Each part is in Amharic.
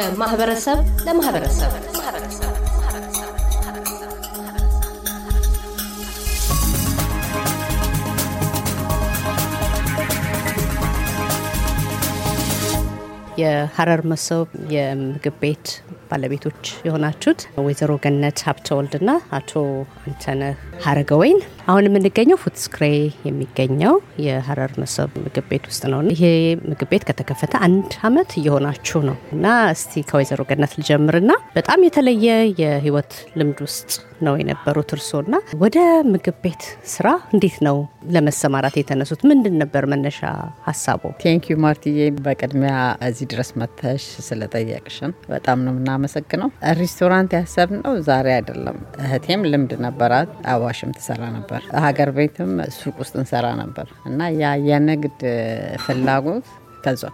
ከማህበረሰብ ለማህበረሰብ የሀረር መሶብ የምግብ ቤት ባለቤቶች የሆናችሁት ወይዘሮ ገነት ና አቶ አንተነህ ሀረገወይን አሁን የምንገኘው ፉትስክሬ የሚገኘው የሀረር መሶብ ምግብ ቤት ውስጥ ነው። ይሄ ምግብ ቤት ከተከፈተ አንድ አመት እየሆናችሁ ነው እና እስቲ ከወይዘሮ ገነት ልጀምርና በጣም የተለየ የህይወት ልምድ ውስጥ ነው የነበሩት እርሶና ወደ ምግብ ቤት ስራ እንዴት ነው ለመሰማራት የተነሱት? ምንድን ነበር መነሻ ሀሳቡ? ቴንኪ ማርትዬ፣ በቅድሚያ እዚህ ድረስ መተሽ ስለጠየቅሽን በጣም ነው የምናመሰግነው። ሬስቶራንት ነው ዛሬ አይደለም። እህቴም ልምድ ነበራት አዋሽም ትሰራ ነበር። ሀገር ቤትም ሱቅ ውስጥ እንሰራ ነበር እና ያ የንግድ ፍላጎት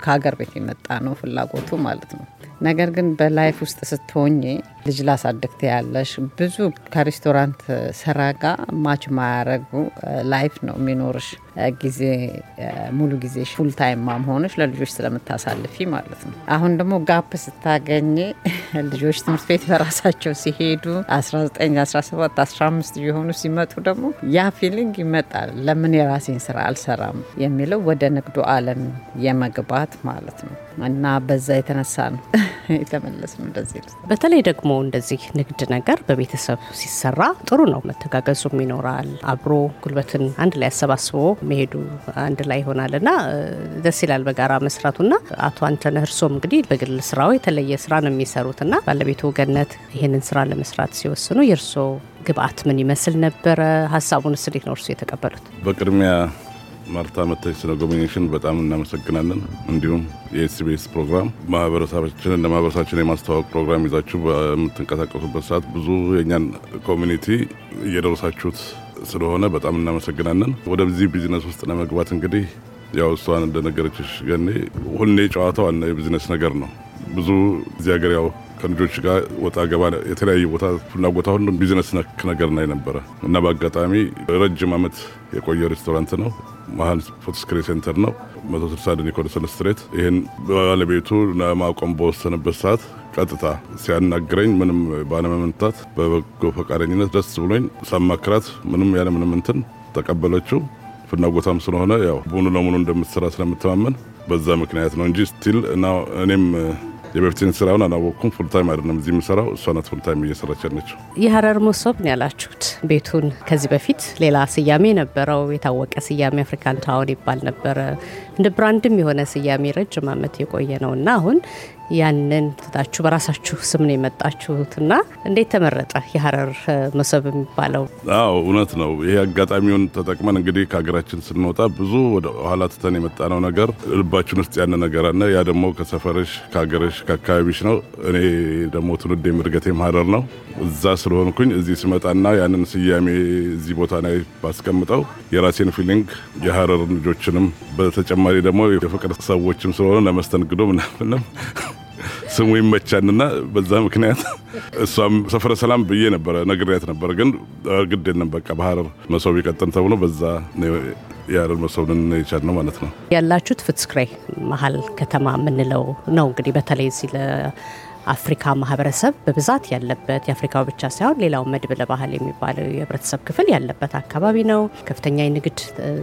ከሀገር ቤት የመጣ ነው ፍላጎቱ ማለት ነው። ነገር ግን በላይፍ ውስጥ ስትሆኝ ልጅ ላሳድግት ያለሽ ብዙ ከሬስቶራንት ስራ ጋር ማች ማያረጉ ላይፍ ነው የሚኖርሽ። ጊዜ ሙሉ ጊዜ ፉል ታይም ማም ሆነሽ ለልጆች ስለምታሳልፊ ማለት ነው። አሁን ደግሞ ጋፕ ስታገኝ ልጆች ትምህርት ቤት በራሳቸው ሲሄዱ 19፣ 17፣ 15 የሆኑ ሲመጡ ደግሞ ያ ፊሊንግ ይመጣል። ለምን የራሴን ስራ አልሰራም የሚለው ወደ ንግዱ አለም የመግባት ማለት ነው እና በዛ የተነሳ ነው የተመለስነው እንደዚህ በተለይ ደግሞ እንደዚህ ንግድ ነገር በቤተሰብ ሲሰራ ጥሩ ነው። መተጋገዙም ይኖራል። አብሮ ጉልበትን አንድ ላይ አሰባስቦ መሄዱ አንድ ላይ ይሆናል እና ደስ ይላል በጋራ መስራቱ እና አቶ አንተነህ እርሶም እንግዲህ በግል ስራው የተለየ ስራ ነው የሚሰሩት እና ባለቤቱ ገነት ይህንን ስራ ለመስራት ሲወስኑ የእርሶ ግብአት ምን ይመስል ነበረ? ሀሳቡን እንዴት ነው እርሶ የተቀበሉት? በቅድሚያ ማርታ መታች ስለጎበኘሽን በጣም እናመሰግናለን። እንዲሁም የኤስቢኤስ ፕሮግራም ማህበረሰባችንን ለማህበረሰባችን የማስተዋወቅ ፕሮግራም ይዛችሁ በምትንቀሳቀሱበት ሰዓት ብዙ የእኛን ኮሚኒቲ እየደረሳችሁት ስለሆነ በጣም እናመሰግናለን። ወደዚህ ቢዝነስ ውስጥ ለመግባት እንግዲህ ያው እሷን እንደነገረችሽ ገኔ ሁሌ ጨዋታው ዋና የቢዝነስ ነገር ነው። ብዙ እዚህ ሀገር ያው ከልጆች ጋር ወጣ ገባ የተለያየ ቦታ ፍላጎታ ሁሉም ቢዝነስ ነክ ነገር ላይ ነበረ እና በአጋጣሚ ረጅም ዓመት የቆየ ሬስቶራንት ነው። መሀል ፎቶስክሬ ሴንተር ነው 160 ኒኮልሰን ስትሬት። ይህን ባለቤቱ ለማቆም በወሰንበት ሰዓት ቀጥታ ሲያናግረኝ ምንም ባለመመንታት በበጎ ፈቃደኝነት ደስ ብሎኝ ሳማክራት ምንም ያለ ምንም እንትን ተቀበለችው። ፍላጎቷም ስለሆነ ያው ሙሉ ለሙሉ እንደምትሰራ ስለምተማመን በዛ ምክንያት ነው እንጂ ስቲል እና እኔም የበፊትን ስራውን አላወቅኩም። ፉልታይም አይደለም እዚህ የምሰራው፣ እሷናት ፉልታይም እየሰራች ያለችው። የሀረር መሶብ ነው ያላችሁት ቤቱን። ከዚህ በፊት ሌላ ስያሜ ነበረው፣ የታወቀ ስያሜ አፍሪካን ታውን ይባል ነበረ። እንደ ብራንድም የሆነ ስያሜ ረጅም አመት የቆየ ነው እና አሁን ያንን ትታችሁ በራሳችሁ ስም ነው የመጣችሁትና እንዴት ተመረጠ የሀረር መሶብ የሚባለው? አዎ እውነት ነው። ይሄ አጋጣሚውን ተጠቅመን እንግዲህ ከሀገራችን ስንወጣ ብዙ ወደ ኋላ ትተን የመጣነው ነገር ልባችን ውስጥ ያን ነገር አለ። ያ ደግሞ ከሰፈርሽ፣ ከሀገርሽ፣ ከአካባቢሽ ነው። እኔ ደግሞ ትውልዴም እድገቴም ሀረር ነው። እዛ ስለሆንኩኝ እዚህ ስመጣና ያንን ስያሜ እዚህ ቦታ ላይ ባስቀምጠው የራሴን ፊሊንግ የሀረር ልጆችንም በተጨማሪ ደግሞ የፍቅር ሰዎችም ስለሆነ ለመስተንግዶ ምናምንም ስሙ ይመቻንና በዛ ምክንያት እሷም ሰፈረ ሰላም ብዬ ነበረ ነግሬያት ነበር። ግን ግድ የለም በቃ በሀረር መሶብ ይቀጥን ተብሎ በዛ የሀረር መሶብ ይቻል ነው ማለት ነው። ያላችሁት ፍትስክሬ መሀል ከተማ የምንለው ነው እንግዲህ በተለይ እዚህ አፍሪካ ማህበረሰብ በብዛት ያለበት የአፍሪካው ብቻ ሳይሆን ሌላው መድብለ ባህል የሚባለው የህብረተሰብ ክፍል ያለበት አካባቢ ነው። ከፍተኛ የንግድ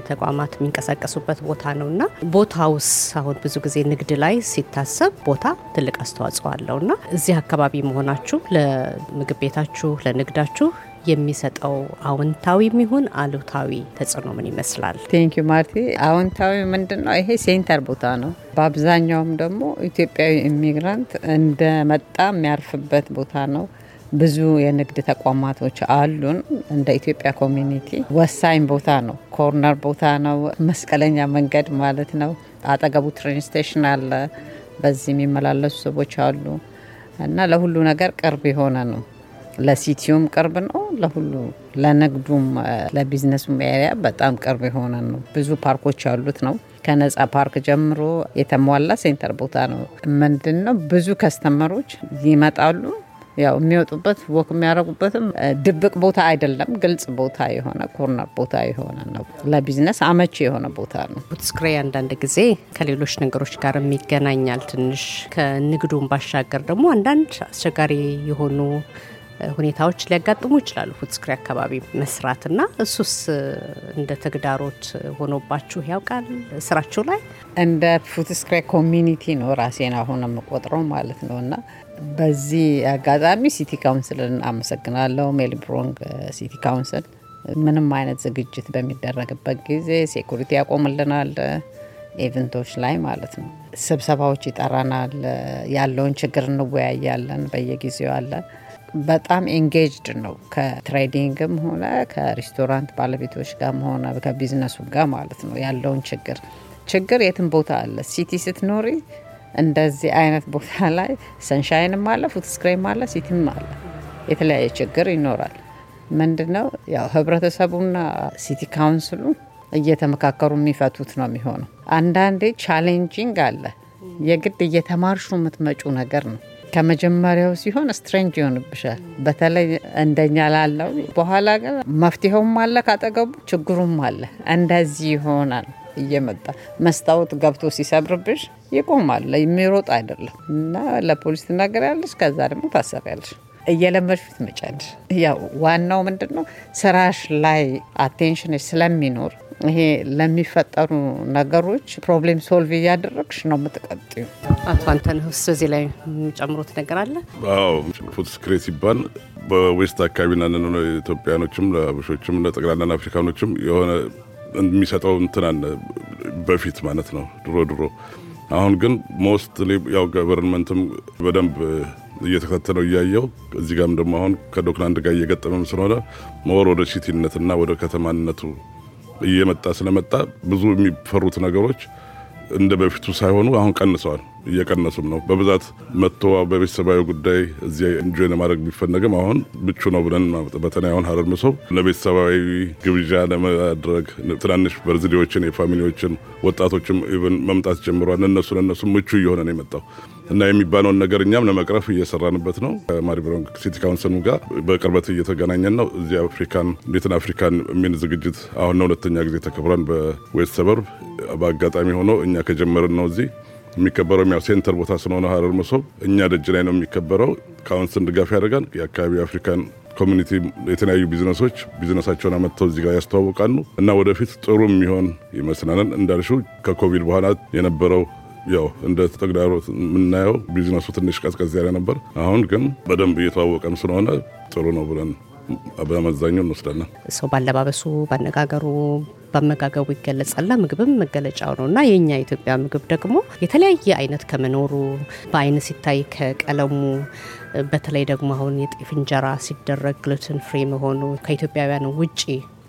ተቋማት የሚንቀሳቀሱበት ቦታ ነው እና ቦታውስ አሁን ብዙ ጊዜ ንግድ ላይ ሲታሰብ ቦታ ትልቅ አስተዋጽኦ አለው እና እዚህ አካባቢ መሆናችሁ ለምግብ ቤታችሁ ለንግዳችሁ የሚሰጠው አውንታዊ ይሁን አሉታዊ ተጽዕኖ ምን ይመስላል? ቴንኪዩ ማርቲ። አዎንታዊ ምንድን ነው? ይሄ ሴንተር ቦታ ነው። በአብዛኛውም ደግሞ ኢትዮጵያዊ ኢሚግራንት እንደመጣ የሚያርፍበት ቦታ ነው። ብዙ የንግድ ተቋማቶች አሉን። እንደ ኢትዮጵያ ኮሚኒቲ ወሳኝ ቦታ ነው። ኮርነር ቦታ ነው። መስቀለኛ መንገድ ማለት ነው። አጠገቡ ትሬን ስቴሽን አለ። በዚህ የሚመላለሱ ሰዎች አሉ እና ለሁሉ ነገር ቅርብ የሆነ ነው። ለሲቲውም ቅርብ ነው። ለሁሉ ለንግዱም ለቢዝነሱም ኤሪያ በጣም ቅርብ የሆነ ነው። ብዙ ፓርኮች ያሉት ነው። ከነጻ ፓርክ ጀምሮ የተሟላ ሴንተር ቦታ ነው። ምንድን ነው ብዙ ከስተመሮች ይመጣሉ። ያው የሚወጡበት ወክ የሚያደርጉበትም ድብቅ ቦታ አይደለም። ግልጽ ቦታ የሆነ ኮርነር ቦታ የሆነ ነው። ለቢዝነስ አመቺ የሆነ ቦታ ነው። ቡትስክሬ አንዳንድ ጊዜ ከሌሎች ነገሮች ጋር የሚገናኛል። ትንሽ ከንግዱን ባሻገር ደግሞ አንዳንድ አስቸጋሪ የሆኑ ሁኔታዎች ሊያጋጥሙ ይችላሉ። ፉትስክሪ አካባቢ መስራት እሱስ እንደ ተግዳሮት ሆኖባችሁ ያውቃል ስራችሁ ላይ? እንደ ፉትስክሪ ኮሚኒቲ ነው ራሴን አሁን የምቆጥረው ማለት ነው እና በዚህ አጋጣሚ ሲቲ ካውንስልን አመሰግናለሁ። ሜልብሮንግ ሲቲ ካውንስል ምንም አይነት ዝግጅት በሚደረግበት ጊዜ ሴኩሪቲ ያቆምልናል፣ ኤቨንቶች ላይ ማለት ነው። ስብሰባዎች ይጠራናል፣ ያለውን ችግር እንወያያለን፣ በየጊዜው አለ በጣም ኤንጌጅድ ነው ከትሬዲንግም ሆነ ከሬስቶራንት ባለቤቶች ጋር ሆነ ከቢዝነሱ ጋር ማለት ነው። ያለውን ችግር ችግር የትም ቦታ አለ። ሲቲ ስትኖሪ እንደዚህ አይነት ቦታ ላይ ሰንሻይንም አለ፣ ፉትስክሬም አለ፣ ሲቲም አለ። የተለያየ ችግር ይኖራል። ምንድነው ያው ህብረተሰቡና ሲቲ ካውንስሉ እየተመካከሩ የሚፈቱት ነው የሚሆነው። አንዳንዴ ቻሌንጂንግ አለ። የግድ እየተማርሹ የምትመጩ ነገር ነው ከመጀመሪያው ሲሆን ስትሬንጅ ይሆንብሻል። በተለይ እንደኛ ላለው በኋላ ግን መፍትሄውም አለ ካጠገቡ ችግሩም አለ። እንደዚህ ይሆናል እየመጣ መስታወት ገብቶ ሲሰብርብሽ ይቆማል። የሚሮጥ አይደለም እና ለፖሊስ ትናገሪያለሽ። ከዛ ደግሞ ታሰሪያለሽ። እየለመድሽ ትመጫለሽ። ያው ዋናው ምንድን ነው ስራሽ ላይ አቴንሽን ስለሚኖር ይሄ ለሚፈጠሩ ነገሮች ፕሮብሌም ሶልቭ እያደረግሽ ነው የምትቀጥዩ። አቶ አንተነህ ውስጥ እዚህ ላይ የሚጨምሩት ነገር አለ? አዎ ፉድ ስክሬት ሲባል በዌስት አካባቢ ናነ ኢትዮጵያኖችም፣ ለአበሾችም፣ ለጠቅላላን አፍሪካኖችም የሆነ የሚሰጠው እንትናን በፊት ማለት ነው ድሮ ድሮ። አሁን ግን ሞስት ያው ገቨርንመንትም በደንብ እየተከተለው እያየው እዚህ ጋም ደግሞ አሁን ከዶክላንድ ጋር እየገጠመም ስለሆነ መወር ወደ ሲቲነትና ወደ ከተማነቱ እየመጣ ስለመጣ ብዙ የሚፈሩት ነገሮች እንደ በፊቱ ሳይሆኑ አሁን ቀንሰዋል። እየቀነሱም ነው። በብዛት መጥቶ በቤተሰባዊ ጉዳይ እዚያ እንጆይ ማድረግ ቢፈለግም አሁን ምቹ ነው ብለን በተለይ አሁን ሀረር ምሶ ለቤተሰባዊ ግብዣ ለማድረግ ትናንሽ በርዝዴዎችን የፋሚሊዎችን ወጣቶችም ኢቨን መምጣት ጀምሯል። እነሱ ለእነሱ ምቹ እየሆነ ነው የመጣው እና የሚባለውን ነገር እኛም ለመቅረፍ እየሰራንበት ነው። ከማሪብሮን ሲቲ ካውንስል ጋር በቅርበት እየተገናኘን ነው። እዚህ አፍሪካን እንዴትን አፍሪካን የሚል ዝግጅት አሁን ለሁለተኛ ጊዜ ተከብሯል በዌስት ሰበርብ። በአጋጣሚ ሆኖ እኛ ከጀመርን ነው እዚህ የሚከበረው ያው ሴንተር ቦታ ስለሆነ ሀረር መሶብ እኛ ደጅ ላይ ነው የሚከበረው። ካውንስል ድጋፍ ያደርጋል። የአካባቢ አፍሪካን ኮሚኒቲ የተለያዩ ቢዝነሶች ቢዝነሳቸውን አመጥተው እዚህ ጋር ያስተዋውቃሉ እና ወደፊት ጥሩ የሚሆን ይመስለናል። እንዳልሹ ከኮቪድ በኋላ የነበረው ያው እንደ ተግዳሮት የምናየው ቢዝነሱ ትንሽ ቀዝቀዝ ያለ ነበር። አሁን ግን በደንብ እየተዋወቀም ስለሆነ ጥሩ ነው ብለን በመዛኙ እንወስዳለን። ሰው ባለባበሱ፣ ባነጋገሩ፣ በአመጋገቡ ይገለጻልና ምግብም መገለጫው ነው እና የኛ የኢትዮጵያ ምግብ ደግሞ የተለያየ አይነት ከመኖሩ በአይን ሲታይ ከቀለሙ በተለይ ደግሞ አሁን የጤፍ እንጀራ ሲደረግ ግሉትን ፍሪ መሆኑ ከኢትዮጵያውያን ውጪ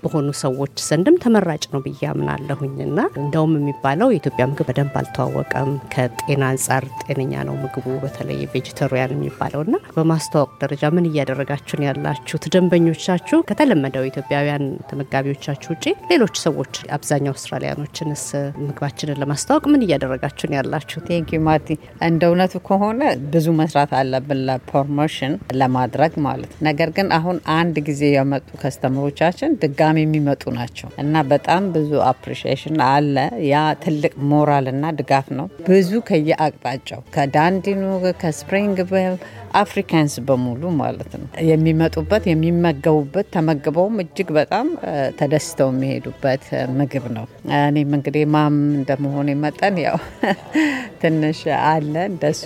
በሆኑ ሰዎች ዘንድም ተመራጭ ነው ብዬ አምናለሁኝ እና እንደውም የሚባለው የኢትዮጵያ ምግብ በደንብ አልተዋወቀም። ከጤና አንጻር ጤነኛ ነው ምግቡ በተለይ ቬጅተሪያን የሚባለው እና በማስተዋወቅ ደረጃ ምን እያደረጋችሁን ያላችሁት ደንበኞቻችሁ ከተለመደው ኢትዮጵያውያን ተመጋቢዎቻችሁ ውጪ ሌሎች ሰዎች አብዛኛው አውስትራሊያኖችንስ ምግባችንን ለማስተዋወቅ ምን እያደረጋችሁን ያላችሁ? ቴንክ ዩ ማርቲ። እንደ እውነቱ ከሆነ ብዙ መስራት አለብን ለፕሮሞሽን ለማድረግ ማለት ነገር ግን አሁን አንድ ጊዜ የመጡ ከስተምሮቻችን ድጋ በጣም የሚመጡ ናቸው እና በጣም ብዙ አፕሪሺሽን አለ። ያ ትልቅ ሞራል እና ድጋፍ ነው። ብዙ ከየአቅጣጫው ከዳንዲኑ ከስፕሪንግ ቤል አፍሪካንስ በሙሉ ማለት ነው የሚመጡበት የሚመገቡበት ተመግበውም እጅግ በጣም ተደስተው የሚሄዱበት ምግብ ነው። እኔም እንግዲህ ማም እንደመሆኔ መጠን ያው ትንሽ አለ እንደሱ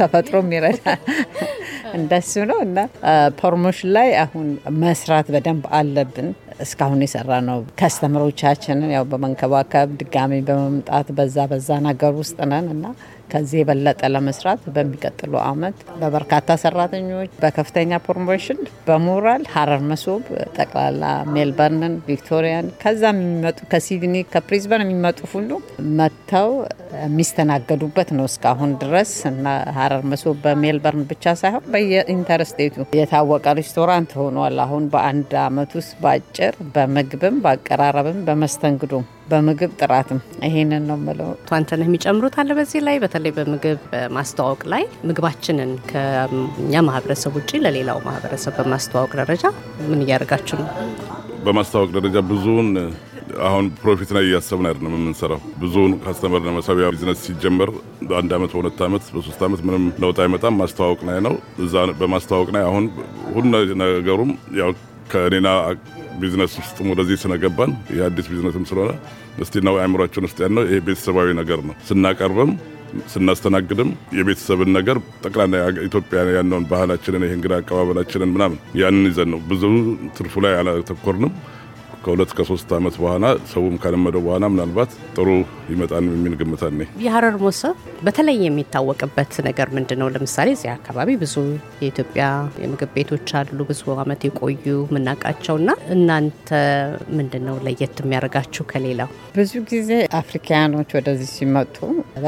ተፈጥሮም ይረዳ እንደሱ ነው እና ፕሮሞሽን ላይ አሁን መስራት በደንብ አለብን። እስካሁን የሰራ ነው ከስተምሮቻችንን ያው በመንከባከብ ድጋሚ በመምጣት በዛ በዛ ነገር ውስጥ ነን እና ከዚህ የበለጠ ለመስራት በሚቀጥሉ አመት በበርካታ ሰራተኞች፣ በከፍተኛ ፕሮሞሽን፣ በሞራል ሀረር መሶብ ጠቅላላ ሜልበርንን፣ ቪክቶሪያን ከዛ የሚመጡ ከሲድኒ ከፕሪዝበን የሚመጡ ሁሉ መጥተው የሚስተናገዱበት ነው እስካሁን ድረስ እና ሀረር መሶብ በሜልበርን ብቻ ሳይሆን በየኢንተርስቴቱ የታወቀ ሬስቶራንት ሆኗል። አሁን በአንድ አመት ውስጥ በአጭር በምግብም በአቀራረብም በመስተንግዶም በምግብ ጥራትም ይሄንን ነው የምለው። አንተነህ የሚጨምሩት አለ በዚህ ላይ በተለይ በምግብ ማስተዋወቅ ላይ ምግባችንን ከኛ ማህበረሰብ ውጭ ለሌላው ማህበረሰብ በማስተዋወቅ ደረጃ ምን እያደርጋችሁ ነው? በማስተዋወቅ ደረጃ ብዙውን አሁን ፕሮፊት ላይ እያሰብን አይደለም የምንሰራው። ብዙውን ካስተመር ለመሳቢያ ቢዝነስ ሲጀመር በአንድ ዓመት በሁለት ዓመት በሶስት ዓመት ምንም ለውጥ አይመጣም። ማስተዋወቅ ላይ ነው። እዛ በማስተዋወቅ ላይ አሁን ሁሉ ነገሩም ያው ከኔና ቢዝነስ ውስጥ ወደዚህ ስነገባን የአዲስ ቢዝነስም ስለሆነ እስቲና አእምሯችን ውስጥ ያለው ይሄ ቤተሰባዊ ነገር ነው። ስናቀርብም ስናስተናግድም የቤተሰብን ነገር ጠቅላላ ኢትዮጵያ ያለውን ባህላችንን ይህ እንግዳ አቀባበላችንን ምናምን ያንን ይዘን ነው ብዙ ትርፉ ላይ አላተኮርንም። ከሁለት ከሶስት ዓመት በኋላ ሰውም ከለመደው በኋላ ምናልባት ጥሩ ይመጣል የሚል ግምት አለኝ። የሀረር ሞሰብ በተለይ የሚታወቅበት ነገር ምንድን ነው? ለምሳሌ እዚህ አካባቢ ብዙ የኢትዮጵያ የምግብ ቤቶች አሉ፣ ብዙ ዓመት የቆዩ እና እናንተ ምንድን ነው ለየት የሚያደርጋችሁ ከሌላው? ብዙ ጊዜ አፍሪካያኖች ወደዚህ ሲመጡ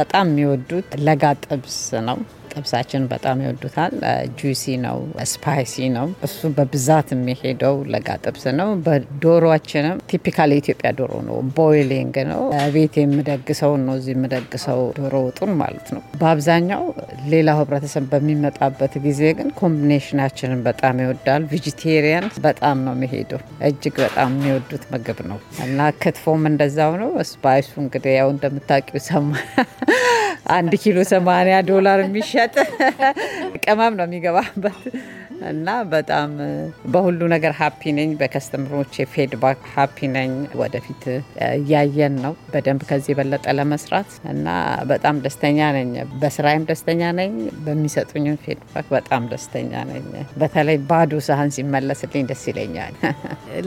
በጣም የሚወዱት ለጋ ጥብስ ነው። ጥብሳችን በጣም ይወዱታል። ጁሲ ነው፣ ስፓይሲ ነው። እሱ በብዛት የሚሄደው ለጋ ጥብስ ነው። በዶሮችንም ቲፒካል የኢትዮጵያ ዶሮ ነው፣ ቦይሊንግ ነው። ቤት የምደግሰው ነው እዚህ የምደግሰው ዶሮ ወጡን ማለት ነው። በአብዛኛው ሌላ ህብረተሰብ በሚመጣበት ጊዜ ግን ኮምቢኔሽናችንን በጣም ይወዳል። ቬጂቴሪያን በጣም ነው የሚሄደው። እጅግ በጣም የሚወዱት ምግብ ነው እና ክትፎም እንደዛው ነው። ስፓይሱ እንግዲህ ያው እንደምታውቂው ሰማ አንድ ኪሎ 80 ዶላር የሚሸጥ ቅመም ነው የሚገባበት እና በጣም በሁሉ ነገር ሀፒ ነኝ። በከስተምሮቼ ፌድባክ ሀፒ ነኝ። ወደፊት እያየን ነው በደንብ ከዚህ የበለጠ ለመስራት እና በጣም ደስተኛ ነኝ። በስራዬም ደስተኛ ነኝ። በሚሰጡኝም ፌድባክ በጣም ደስተኛ ነኝ። በተለይ ባዶ ሳህን ሲመለስልኝ ደስ ይለኛል።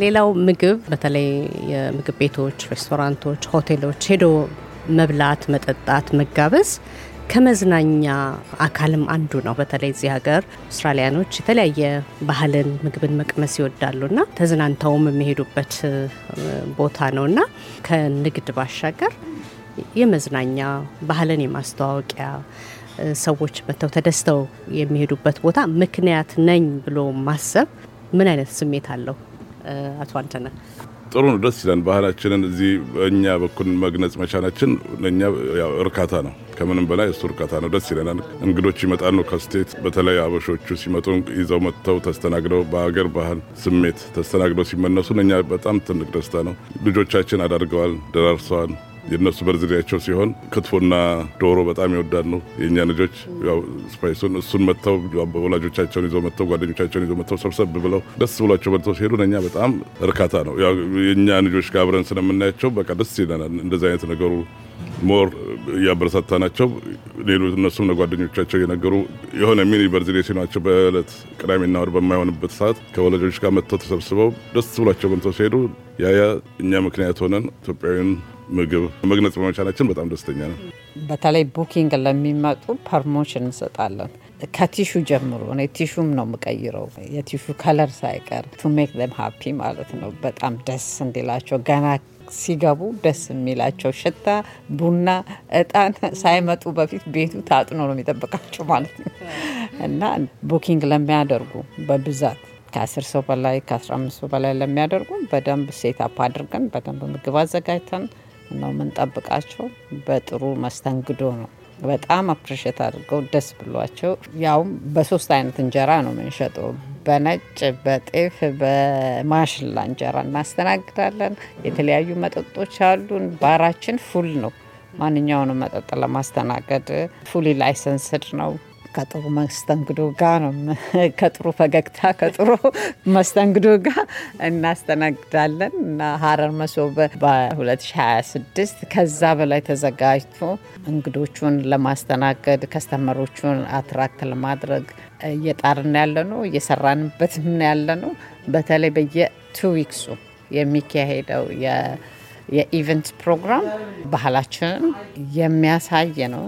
ሌላው ምግብ በተለይ የምግብ ቤቶች፣ ሬስቶራንቶች፣ ሆቴሎች ሄዶ መብላት፣ መጠጣት፣ መጋበዝ ከመዝናኛ አካልም አንዱ ነው። በተለይ እዚህ ሀገር አውስትራሊያኖች የተለያየ ባህልን፣ ምግብን መቅመስ ና ተዝናንተውም የሚሄዱበት ቦታ ና ከንግድ ባሻገር የመዝናኛ ባህልን የማስተዋወቂያ ሰዎች መጥተው ተደስተው የሚሄዱበት ቦታ ምክንያት ነኝ ብሎ ማሰብ ምን አይነት ስሜት አለው? አቶ አንተነህ ጥሩ ነው፣ ደስ ይላል። ባህላችንን እዚህ እኛ በኩል መግነጽ መቻላችን ለእኛ እርካታ ነው። ከምንም በላይ እሱ እርካታ ነው። ደስ ይለናል። እንግዶች ይመጣሉ ከስቴት በተለይ አበሾቹ ሲመጡ ይዘው መጥተው ተስተናግደው በሀገር ባህል ስሜት ተስተናግደው ሲመነሱ ለእኛ በጣም ትልቅ ደስታ ነው። ልጆቻችን አዳርገዋል፣ ደራርሰዋል። የእነሱ በርዝሪያቸው ሲሆን ክትፎና ዶሮ በጣም ይወዳል ነው የእኛ ልጆች ስፓይሱን እሱን መጥተው ወላጆቻቸውን ይዘው መጥተው ጓደኞቻቸውን ይዘው መጥተው ሰብሰብ ብለው ደስ ብሏቸው በልተው ሲሄዱ ለእኛ በጣም እርካታ ነው። የእኛ ልጆች ጋር አብረን ስለምናያቸው በቃ ደስ ይለናል። እንደዚህ አይነት ነገሩ ሞር እያበረታታ ናቸው። ሌሎ እነሱም ለጓደኞቻቸው እየነገሩ የሆነ ሚኒ በርዝዴ ሲኗቸው በዕለት ቅዳሜና ወር በማይሆንበት ሰዓት ከወላጆች ጋር መጥተው ተሰብስበው ደስ ብሏቸው በልተው ሲሄዱ ያያ እኛ ምክንያት ሆነን ኢትዮጵያዊን ምግብ መግለጽ በመቻላችን በጣም ደስተኛ ነው። በተለይ ቡኪንግ ለሚመጡ ፐርሞሽን እንሰጣለን። ከቲሹ ጀምሮ እኔ ቲሹም ነው የምቀይረው፣ የቲሹ ከለር ሳይቀር ቱ ሜክ ደም ሀፒ ማለት ነው። በጣም ደስ እንዲላቸው ገና ሲገቡ ደስ የሚላቸው ሽታ፣ ቡና፣ እጣን ሳይመጡ በፊት ቤቱ ታጥኖ ነው የሚጠብቃቸው ማለት ነው። እና ቡኪንግ ለሚያደርጉ በብዛት ከአስር ሰው በላይ ከአስራ አምስት ሰው በላይ ለሚያደርጉ በደንብ ሴት አፕ አድርገን በደንብ ምግብ አዘጋጅተን ነው የምንጠብቃቸው። በጥሩ መስተንግዶ ነው በጣም አፕሪሼት አድርገው ደስ ብሏቸው። ያውም በሶስት አይነት እንጀራ ነው የምንሸጠው። በነጭ በጤፍ በማሽላ እንጀራ እናስተናግዳለን። የተለያዩ መጠጦች አሉን። ባራችን ፉል ነው። ማንኛውንም መጠጥ ለማስተናገድ ፉሊ ላይሰንስድ ነው። ከጥሩ መስተንግዶ ጋር ነው ከጥሩ ፈገግታ ከጥሩ መስተንግዶ ጋር እናስተናግዳለን እና ሀረር መሶብ በ2026 ከዛ በላይ ተዘጋጅቶ እንግዶቹን ለማስተናገድ ከስተመሮቹን አትራክት ለማድረግ እየጣርን ያለ ነው፣ እየሰራንበት ያለ ነው። በተለይ በየቱ ዊክሱ የሚካሄደው የኢቨንት ፕሮግራም ባህላችንን የሚያሳይ ነው።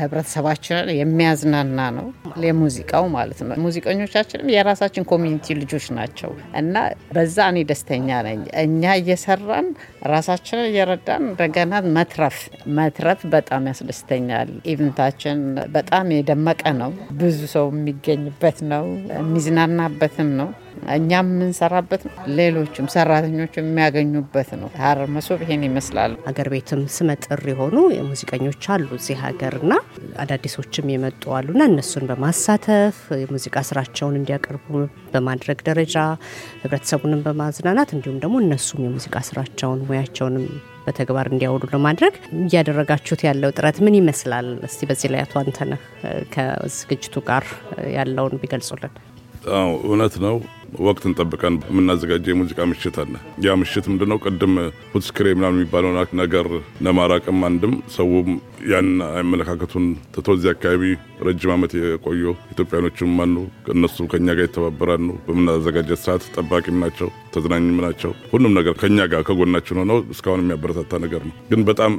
ህብረተሰባችንን የሚያዝናና ነው። የሙዚቃው ማለት ነው። ሙዚቀኞቻችንም የራሳችን ኮሚኒቲ ልጆች ናቸው እና በዛ እኔ ደስተኛ ነኝ። እኛ እየሰራን ራሳችንን እየረዳን እንደገና መትረፍ መትረፍ በጣም ያስደስተኛል። ኢቨንታችን በጣም የደመቀ ነው። ብዙ ሰው የሚገኝበት ነው። የሚዝናናበትም ነው። እኛም የምንሰራበት ነው፣ ሌሎችም ሰራተኞች የሚያገኙበት ነው። ሀረር መሶብ ይሄን ይመስላል። ሀገር ቤትም ስመጥር የሆኑ ሙዚቀኞች አሉ እዚህ ሀገርና አዳዲሶችም የመጡ ና እነሱን በማሳተፍ የሙዚቃ ስራቸውን እንዲያቀርቡ በማድረግ ደረጃ ህብረተሰቡንም በማዝናናት እንዲሁም ደግሞ እነሱም የሙዚቃ ስራቸውን ሙያቸውንም በተግባር እንዲያውሉ ለማድረግ እያደረጋችሁት ያለው ጥረት ምን ይመስላል? እስቲ በዚህ ላይ አቶ አንተነህ ከዝግጅቱ ጋር ያለውን ቢገልጹልን። እውነት ነው ወቅትን ጠብቀን የምናዘጋጀው የሙዚቃ ምሽት አለ። ያ ምሽት ምንድነው ቅድም ፉትስክሬ ምናምን የሚባለውን ነገር ለማራቅም አንድም ሰውም ያን አመለካከቱን ትቶ እዚህ አካባቢ ረጅም ዓመት የቆዩ ኢትዮጵያኖችም አሉ። እነሱ ከእኛ ጋር ይተባበራሉ። በምናዘጋጀት ሰዓት ጠባቂም ናቸው፣ ተዝናኝም ናቸው። ሁሉም ነገር ከኛ ጋር ከጎናችን ሆነው እስካሁን የሚያበረታታ ነገር ነው። ግን በጣም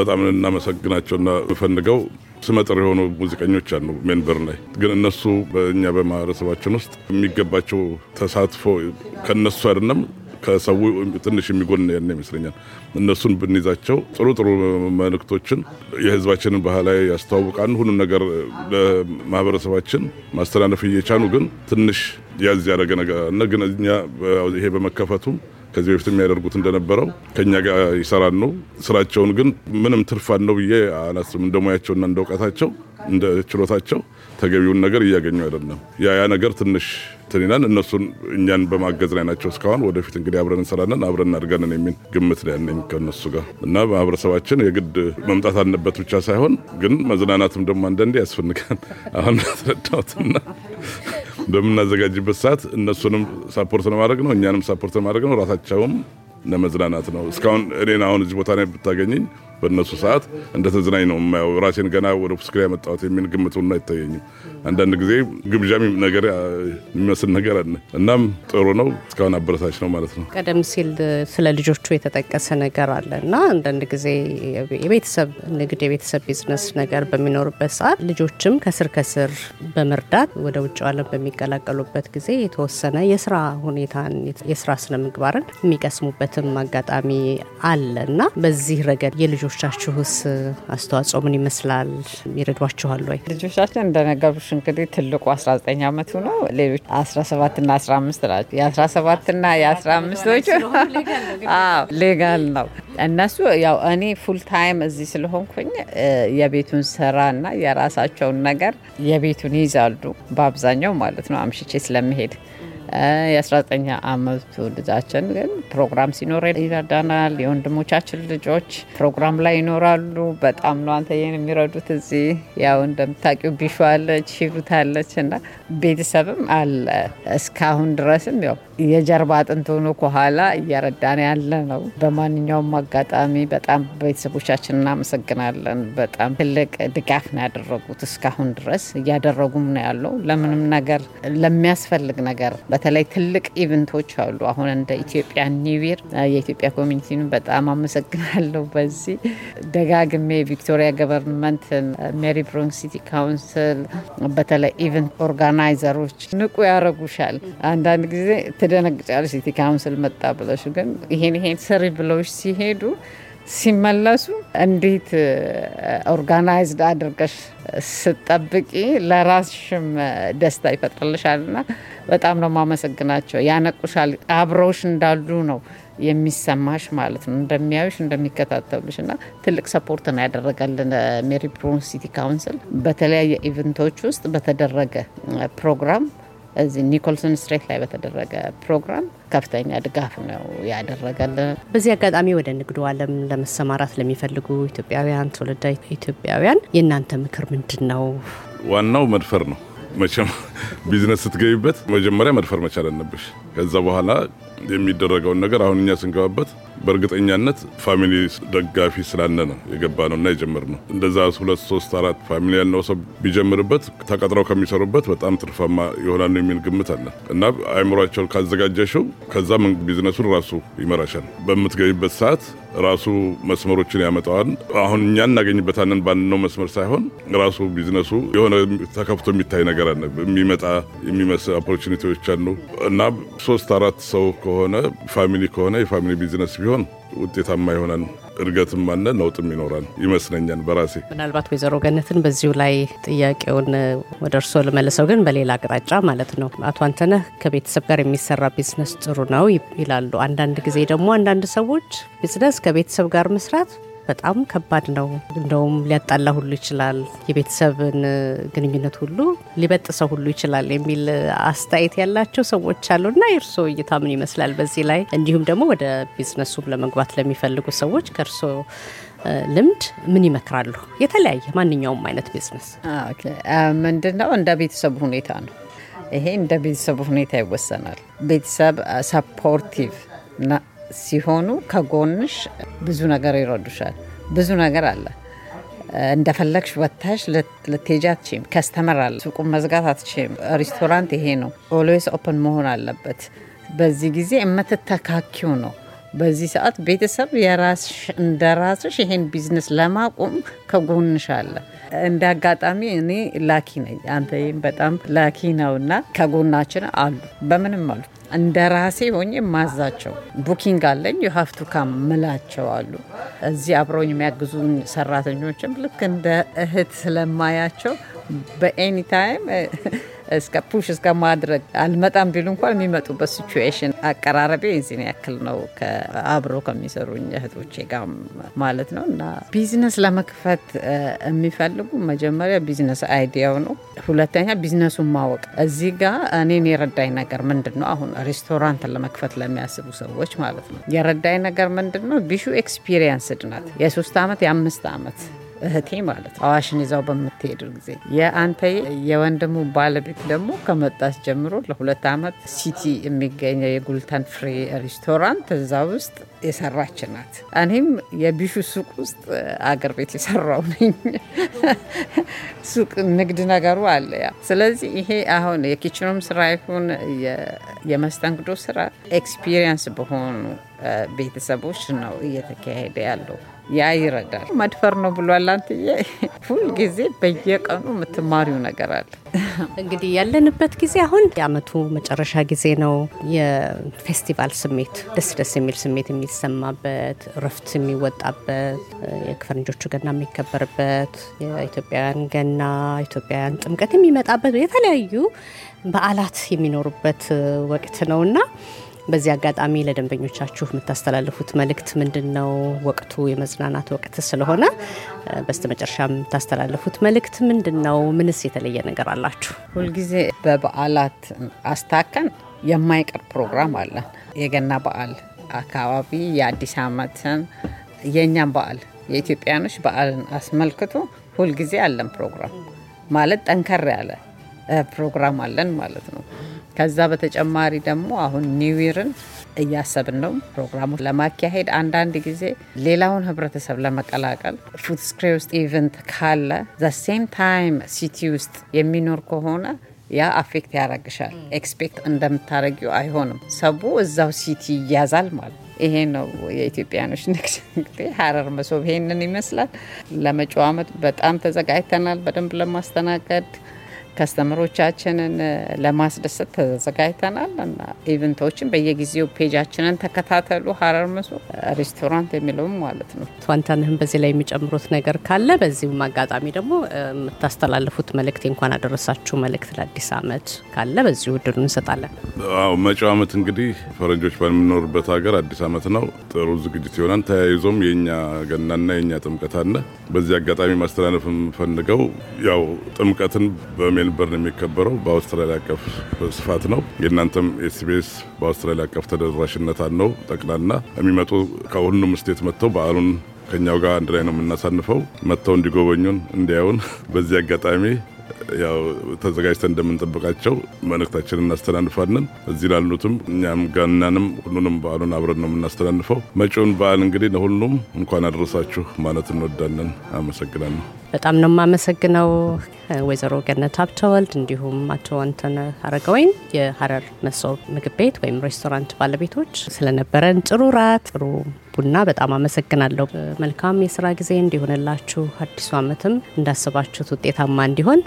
በጣም እናመሰግናቸውና ፈልገው ስመጥር የሆኑ ሙዚቀኞች አሉ ሜንበር ላይ ግን እነሱ በእኛ በማህበረሰባችን ውስጥ የሚገባቸው ተሳትፎ ከነሱ አይደለም ከሰው ትንሽ የሚጎን ያን ይመስለኛል። እነሱን ብንይዛቸው ጥሩ ጥሩ መልእክቶችን የህዝባችንን ባህላዊ ያስተዋውቃሉ። ሁሉን ነገር ለማህበረሰባችን ማስተላለፍ እየቻሉ ግን ትንሽ ያዝ ያደረገ ነገር እና ግን እኛ ይሄ በመከፈቱም ከዚህ በፊት የሚያደርጉት እንደነበረው ከእኛ ጋር ይሰራሉ። ስራቸውን ግን ምንም ትርፋን ነው ብዬ አላስብም። እንደ ሙያቸውና እንደ እውቀታቸው እንደ ችሎታቸው ተገቢውን ነገር እያገኙ አይደለም። ያ ያ ነገር ትንሽ ትንናን እነሱን እኛን በማገዝ ላይ ናቸው እስካሁን። ወደፊት እንግዲህ አብረን እንሰራለን አብረን እናድጋለን የሚል ግምት ላይ ያለኝ ከእነሱ ጋር እና ማህበረሰባችን የግድ መምጣት አለበት ብቻ ሳይሆን ግን መዝናናትም ደግሞ አንዳንዴ ያስፈልጋል። አሁን ያስረዳሁትና በምናዘጋጅበት ሰዓት እነሱንም ሳፖርት ለማድረግ ነው፣ እኛንም ሳፖርት ለማድረግ ነው ራሳቸውም ለመዝናናት ነው። እስካሁን እኔን አሁን እዚህ ቦታ ላይ ብታገኘኝ በእነሱ ሰዓት እንደ ተዝናኝ ነው የማየው። ራሴን ገና ወደ ፉስክሪ ያመጣሁት የሚል ግምት ሁሉ አይታየኝም። አንዳንድ ጊዜ ግብዣ ነገር የሚመስል ነገር አለ። እናም ጥሩ ነው፣ እስካሁን አበረታች ነው ማለት ነው። ቀደም ሲል ስለ ልጆቹ የተጠቀሰ ነገር አለ እና አንዳንድ ጊዜ የቤተሰብ ንግድ፣ የቤተሰብ ቢዝነስ ነገር በሚኖርበት ሰዓት ልጆችም ከስር ከስር በመርዳት ወደ ውጭ ዓለም በሚቀላቀሉበት ጊዜ የተወሰነ የስራ ሁኔታን የስራ ስነምግባርን የሚቀስሙበት የሚሆንበትም አጋጣሚ አለ እና በዚህ ረገድ የልጆቻችሁስ አስተዋጽኦ ምን ይመስላል? ይረዷችኋል ወይ? ልጆቻችን እንደነገሩሽ እንግዲህ ትልቁ 19 ዓመቱ ነው። ሌሎች 17ና 15 ናቸው። የ17ና የ15ቶቹ ሌጋል ነው። እነሱ ያው እኔ ፉል ታይም እዚህ ስለሆንኩኝ የቤቱን ስራና የራሳቸውን ነገር የቤቱን ይይዛሉ በአብዛኛው ማለት ነው። አምሽቼ ስለሚሄድ የ19 ዓመቱ ልጃችን ግን ፕሮግራም ሲኖር ይረዳናል። የወንድሞቻችን ልጆች ፕሮግራም ላይ ይኖራሉ። በጣም ነው አንተ ይህን የሚረዱት። እዚህ ያው እንደምታውቂው ቢሾ አለች ሂሩት አለች እና ቤተሰብም አለ እስካሁን ድረስም ያው የጀርባ አጥንት ሆኖ ከኋላ እያረዳን ያለ ነው። በማንኛውም አጋጣሚ በጣም ቤተሰቦቻችን እናመሰግናለን። በጣም ትልቅ ድጋፍ ነው ያደረጉት እስካሁን ድረስ እያደረጉም ነው ያለው። ለምንም ነገር ለሚያስፈልግ ነገር በተለይ ትልቅ ኢቨንቶች አሉ። አሁን እንደ ኢትዮጵያ ኒቪር የኢትዮጵያ ኮሚኒቲን በጣም አመሰግናለሁ። በዚህ ደጋግሜ ቪክቶሪያ ገቨርንመንትን፣ ሜሪ ብሮንግ ሲቲ ካውንስል በተለይ ኢቨንት ኦርጋናይዘሮች ንቁ ያደረጉሻል አንዳንድ ጊዜ ትደነግጫለሽ። ሲቲ ካውንስል መጣ ብለሽ ግን ይሄን ይሄን ስሪ ብለውሽ ሲሄዱ ሲመለሱ እንዴት ኦርጋናይዝድ አድርገሽ ስጠብቂ ለራስሽም ደስታ ይፈጥርልሻል። ና በጣም ነው ማመሰግናቸው። ያነቁሻል፣ አብረውሽ እንዳሉ ነው የሚሰማሽ ማለት ነው። እንደሚያዩሽ፣ እንደሚከታተሉሽ ና ትልቅ ሰፖርት ነው ያደረገልን ሜሪ ፕሮን ሲቲ ካውንስል በተለያየ ኢቨንቶች ውስጥ በተደረገ ፕሮግራም እዚህ ኒኮልሰን ስትሬት ላይ በተደረገ ፕሮግራም ከፍተኛ ድጋፍ ነው ያደረገልን። በዚህ አጋጣሚ ወደ ንግዱ ዓለም ለመሰማራት ለሚፈልጉ ኢትዮጵያውያን፣ ትውልደ ኢትዮጵያውያን የእናንተ ምክር ምንድን ነው? ዋናው መድፈር ነው። መቼም ቢዝነስ ስትገቢበት መጀመሪያ መድፈር መቻል አለብሽ። ከዛ በኋላ የሚደረገውን ነገር አሁን እኛ ስንገባበት በእርግጠኛነት ፋሚሊ ደጋፊ ስላለ ነው የገባ ነው እና የጀምር ነው። እንደዛ ሁለት ሶስት አራት ፋሚሊ ያለው ሰው ቢጀምርበት ተቀጥረው ከሚሰሩበት በጣም ትርፋማ ይሆናሉ የሚል ግምት አለ እና አእምሯቸውን ካዘጋጀሽው ከዛ ቢዝነሱን ራሱ ይመራሻል። በምትገኝበት ሰዓት ራሱ መስመሮችን ያመጣዋል። አሁን እኛ እናገኝበታለን ባንነው መስመር ሳይሆን ራሱ ቢዝነሱ የሆነ ተከፍቶ የሚታይ ነገር አለ የሚመጣ የሚመስል ኦፖርቹኒቲዎች አሉ እና ሶስት አራት ሰው ከሆነ ፋሚሊ ከሆነ የፋሚሊ ቢዝነስ ቢሆን ውጤታማ የሆነን እድገትም አለ፣ ለውጥም ይኖራል ይመስለኛል በራሴ ምናልባት ወይዘሮ ገነትን በዚሁ ላይ ጥያቄውን ወደ እርስዎ ልመልሰው፣ ግን በሌላ አቅጣጫ ማለት ነው። አቶ አንተነህ ከቤተሰብ ጋር የሚሰራ ቢዝነስ ጥሩ ነው ይላሉ። አንዳንድ ጊዜ ደግሞ አንዳንድ ሰዎች ቢዝነስ ከቤተሰብ ጋር መስራት በጣም ከባድ ነው። እንደውም ሊያጣላ ሁሉ ይችላል፣ የቤተሰብን ግንኙነት ሁሉ ሊበጥሰው ሁሉ ይችላል የሚል አስተያየት ያላቸው ሰዎች እና የእርስዎ እይታ ምን ይመስላል በዚህ ላይ? እንዲሁም ደግሞ ወደ ቢዝነሱም ለመግባት ለሚፈልጉ ሰዎች ከእርስዎ ልምድ ምን ይመክራሉ? የተለያየ ማንኛውም አይነት ቢዝነስ ምንድነው? እንደ ቤተሰብ ሁኔታ ነው። ይሄ እንደ ቤተሰብ ሁኔታ ይወሰናል። ቤተሰብ ሰፖርቲቭ ሲሆኑ ከጎንሽ ብዙ ነገር ይረዱሻል። ብዙ ነገር አለ። እንደፈለግሽ ወጥተሽ ልትሄጂ አትችይም። ከስተመር አለ። ሱቁን መዝጋት አትችም። ሬስቶራንት ይሄ ነው። ኦልዌስ ኦፕን መሆን አለበት። በዚህ ጊዜ የምትተካኪው ነው። በዚህ ሰዓት ቤተሰብ የራስሽ እንደ ራስሽ ይሄን ቢዝነስ ለማቆም ከጎንሽ አለ። እንደ አጋጣሚ እኔ ላኪ ነኝ፣ አንተ በጣም ላኪ ነውና ከጎናችን አሉ። በምንም አሉ እንደ ራሴ ሆኜ ማዛቸው ቡኪንግ አለኝ ሀፍቱ ካም ምላቸው አሉ። እዚህ አብረውኝ የሚያግዙ ሰራተኞችም ልክ እንደ እህት ስለማያቸው ታይም እስከ ፑሽ እስከ ማድረግ አልመጣም ቢሉ እንኳን የሚመጡበት ሲቹዌሽን አቀራረቤ የዚህን ያክል ነው። አብሮ ከሚሰሩኝ እህቶቼ ጋር ማለት ነው። እና ቢዝነስ ለመክፈት የሚፈልጉ መጀመሪያ ቢዝነስ አይዲያው ነው። ሁለተኛ ቢዝነሱን ማወቅ። እዚህ ጋር እኔን የረዳኝ ነገር ምንድን ነው? አሁን ሬስቶራንት ለመክፈት ለሚያስቡ ሰዎች ማለት ነው የረዳኝ ነገር ምንድን ነው? ቢሹ ኤክስፒሪየንስድ ናት። የሶስት ዓመት የአምስት ዓመት እህቴ ማለት አዋሽን ይዛው በምትሄድ ጊዜ የአንተ የወንድሙ ባለቤት ደግሞ ከመጣች ጀምሮ ለሁለት ዓመት ሲቲ የሚገኘው የጉልተን ፍሪ ሬስቶራንት እዛ ውስጥ የሰራች ናት። እኔም የቢሹ ሱቅ ውስጥ አገር ቤት የሰራው ነኝ። ሱቅ ንግድ ነገሩ አለ ያ። ስለዚህ ይሄ አሁን የኪችኑም ስራ ይሁን የመስተንግዶ ስራ ኤክስፒሪየንስ በሆኑ ቤተሰቦች ነው እየተካሄደ ያለው። ያ ይረዳል። መድፈር ነው ብሏል አንትዬ። ሁል ጊዜ በየቀኑ የምትማሪው ነገር አለ። እንግዲህ ያለንበት ጊዜ አሁን የአመቱ መጨረሻ ጊዜ ነው። የፌስቲቫል ስሜት ደስ ደስ የሚል ስሜት የሚሰማበት እረፍት የሚወጣበት የፈረንጆቹ ገና የሚከበርበት የኢትዮጵያውያን ገና ኢትዮጵያውያን ጥምቀት የሚመጣበት የተለያዩ በዓላት የሚኖሩበት ወቅት ነው እና በዚህ አጋጣሚ ለደንበኞቻችሁ የምታስተላልፉት መልእክት ምንድን ነው? ወቅቱ የመዝናናት ወቅት ስለሆነ በስተ መጨረሻ የምታስተላልፉት መልእክት ምንድን ነው? ምንስ የተለየ ነገር አላችሁ? ሁልጊዜ በበዓላት አስታከን የማይቀር ፕሮግራም አለ። የገና በዓል አካባቢ የአዲስ ዓመትን የእኛም በዓል የኢትዮጵያኖች በዓልን አስመልክቶ ሁልጊዜ አለን ፕሮግራም ማለት ጠንከር ያለ ፕሮግራም አለን ማለት ነው። ከዛ በተጨማሪ ደግሞ አሁን ኒውዊርን እያሰብን ነው ፕሮግራሙ ለማካሄድ አንዳንድ ጊዜ ሌላውን ህብረተሰብ ለመቀላቀል ፉትስክሬ ውስጥ ኢቨንት ካለ ዘ ሴም ታይም ሲቲ ውስጥ የሚኖር ከሆነ ያ አፌክት ያደረግሻል። ኤክስፔክት እንደምታደረጊው አይሆንም። ሰቡ እዛው ሲቲ ይያዛል ማለት ይሄ ነው የኢትዮጵያኖች ንግድ። እንግዲህ ሀረር መሶብ ይሄንን ይመስላል። ለመጪው በጣም ተዘጋጅተናል በደንብ ለማስተናገድ ከስተምሮቻችንን ለማስደሰት ተዘጋጅተናል እና ኢቨንቶችን በየጊዜው ፔጃችንን ተከታተሉ። ሀረር መሶ ሬስቶራንት የሚለውም ማለት ነው። ዋንታንህም በዚህ ላይ የሚጨምሩት ነገር ካለ በዚሁም አጋጣሚ ደግሞ የምታስተላልፉት መልእክት እንኳን አደረሳችሁ መልእክት ለአዲስ አመት ካለ በዚሁ እድሉ እንሰጣለን። አዎ መጪው እንግዲህ ፈረንጆች በምንኖርበት ሀገር አዲስ አመት ነው። ጥሩ ዝግጅት ይሆናል። ተያይዞም የእኛ ገናና የእኛ ጥምቀት አለ። በዚህ አጋጣሚ ማስተላለፍ የምፈልገው ያው ጥምቀትን በሜ ሜልበር ነው የሚከበረው። በአውስትራሊያ አቀፍ ስፋት ነው። የእናንተም ኤስቢኤስ በአውስትራሊያ አቀፍ ተደራሽነት አለው። ጠቅላላ የሚመጡ ከሁሉም ስቴት መጥተው በዓሉን ከኛው ጋር አንድ ላይ ነው የምናሳንፈው። መጥተው እንዲጎበኙን እንዲያዩን በዚህ አጋጣሚ ያው ተዘጋጅተን እንደምንጠብቃቸው መልእክታችንን እናስተላልፋለን። እዚህ ላሉትም እኛም ጋናንም ሁሉንም በዓሉን አብረን ነው የምናስተላልፈው። መጪውን በዓል እንግዲህ ለሁሉም እንኳን አደረሳችሁ ማለት እንወዳለን። አመሰግናለሁ። በጣም ነው የማመሰግነው ወይዘሮ ገነት ሀብተወልድ እንዲሁም አቶ አንተነህ አረጋወይን የሀረር መሶብ ምግብ ቤት ወይም ሬስቶራንት ባለቤቶች ስለነበረን ጥሩ ራት፣ ጥሩ ቡና በጣም አመሰግናለሁ። መልካም የስራ ጊዜ እንዲሆንላችሁ፣ አዲሱ ዓመትም እንዳሰባችሁት ውጤታማ እንዲሆን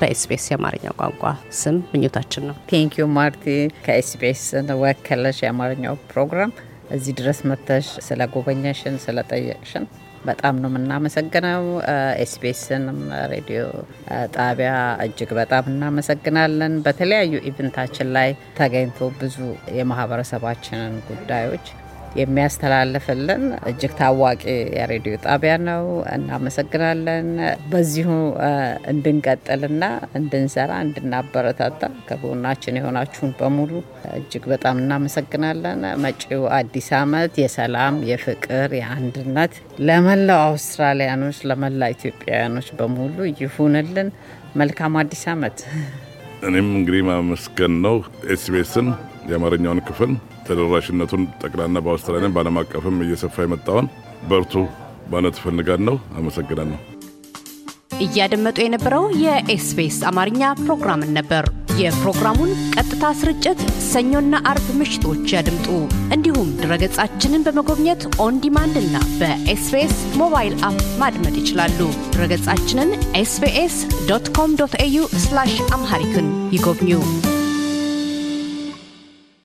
በኤስቢኤስ የአማርኛ ቋንቋ ስም ምኞታችን ነው። ቴንኪዩ ማርቲ። ከኤስቢኤስ ወከለሽ የአማርኛው ፕሮግራም እዚህ ድረስ መተሽ ስለ ጎበኘሽን ስለ ጠየቅሽን በጣም ነው የምናመሰግነው። ኤስቢኤስንም ሬዲዮ ጣቢያ እጅግ በጣም እናመሰግናለን። በተለያዩ ኢቨንታችን ላይ ተገኝቶ ብዙ የማህበረሰባችንን ጉዳዮች የሚያስተላልፍልን እጅግ ታዋቂ የሬዲዮ ጣቢያ ነው። እናመሰግናለን። በዚሁ እንድንቀጥልና እንድንሰራ እንድናበረታታ ከጎናችን የሆናችሁን በሙሉ እጅግ በጣም እናመሰግናለን። መጪው አዲስ ዓመት የሰላም፣ የፍቅር፣ የአንድነት ለመላው አውስትራሊያኖች፣ ለመላ ኢትዮጵያውያኖች በሙሉ ይሁንልን። መልካም አዲስ ዓመት። እኔም እንግዲህ ማመስገን ነው ኤስቢኤስን የአማርኛውን ክፍል ተደራሽነቱን ጠቅላና በአውስትራሊያ በዓለም አቀፍም እየሰፋ የመጣውን በርቱ ማለት ፈልጋን ነው። አመሰግናለሁ። እያደመጡ የነበረው የኤስቢኤስ አማርኛ ፕሮግራምን ነበር። የፕሮግራሙን ቀጥታ ስርጭት ሰኞና አርብ ምሽቶች ያድምጡ። እንዲሁም ድረገጻችንን በመጎብኘት ኦን ዲማንድ እና በኤስቢኤስ ሞባይል አፕ ማድመጥ ይችላሉ። ድረገጻችንን ኤስቢኤስ ዶት ኮም ዶት ኤዩ አምሃሪክን ይጎብኙ።